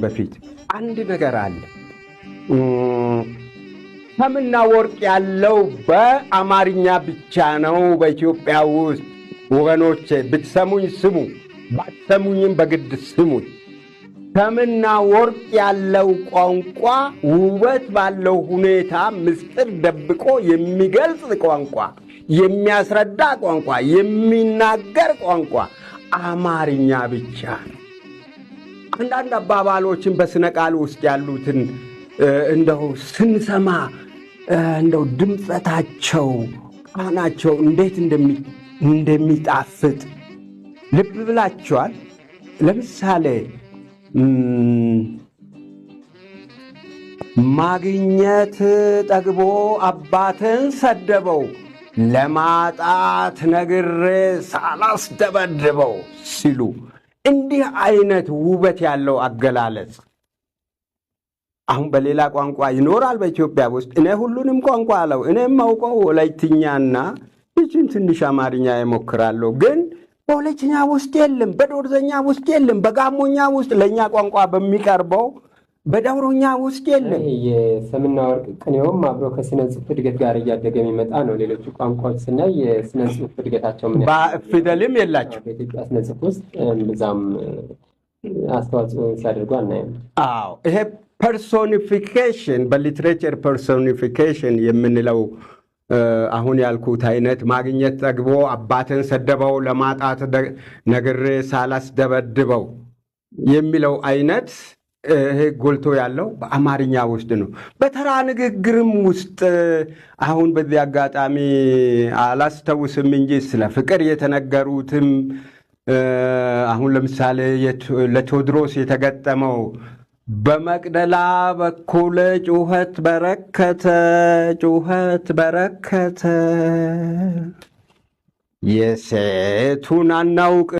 በፊት አንድ ነገር አለ። ሰምና ወርቅ ያለው በአማርኛ ብቻ ነው በኢትዮጵያ ውስጥ። ወገኖቼ ብትሰሙኝ ስሙ፣ ባትሰሙኝም በግድ ስሙኝ። ሰምና ወርቅ ያለው ቋንቋ ውበት ባለው ሁኔታ ምስጢር ደብቆ የሚገልጽ ቋንቋ፣ የሚያስረዳ ቋንቋ፣ የሚናገር ቋንቋ አማርኛ ብቻ ነው። አንዳንድ አባባሎችን በስነ ቃል ውስጥ ያሉትን እንደው ስንሰማ እንደው ድምፀታቸው ቃናቸው እንዴት እንደሚጣፍጥ ልብ ብላችኋል። ለምሳሌ ማግኘት ጠግቦ አባትን ሰደበው ለማጣት ነግሬ ሳላስደበድበው ሲሉ እንዲህ አይነት ውበት ያለው አገላለጽ አሁን በሌላ ቋንቋ ይኖራል በኢትዮጵያ ውስጥ። እኔ ሁሉንም ቋንቋ አለው። እኔም አውቀው ወላይትኛና ይችን ትንሽ አማርኛ ይሞክራለሁ። ግን በወላይትኛ ውስጥ የለም፣ በዶርዘኛ ውስጥ የለም፣ በጋሞኛ ውስጥ ለእኛ ቋንቋ በሚቀርበው በዳውሮኛ ውስጥ የለም። የሰምና ወርቅ ቅኔውም አብሮ ከስነ ጽሁፍ እድገት ጋር እያደገ የሚመጣ ነው። ሌሎቹ ቋንቋዎች ስናይ የስነ ጽሁፍ እድገታቸው ምን ፊደልም የላቸው። በኢትዮጵያ ስነ ጽሁፍ ውስጥ ብዛም አስተዋጽኦ ሲያደርጉ አናየም። አዎ ይሄ ፐርሶኒፊኬሽን በሊትሬቸር ፐርሶኒፊኬሽን የምንለው አሁን ያልኩት አይነት ማግኘት ጠግቦ አባትን ሰደበው ለማጣት ነግሬ ሳላስደበድበው የሚለው አይነት ጎልቶ ያለው በአማርኛ ውስጥ ነው። በተራ ንግግርም ውስጥ አሁን በዚህ አጋጣሚ አላስታውስም እንጂ ስለ ፍቅር የተነገሩትም አሁን ለምሳሌ ለቴዎድሮስ የተገጠመው በመቅደላ በኩል ጩኸት በረከተ፣ ጩኸት በረከተ የሴቱን አናውቅ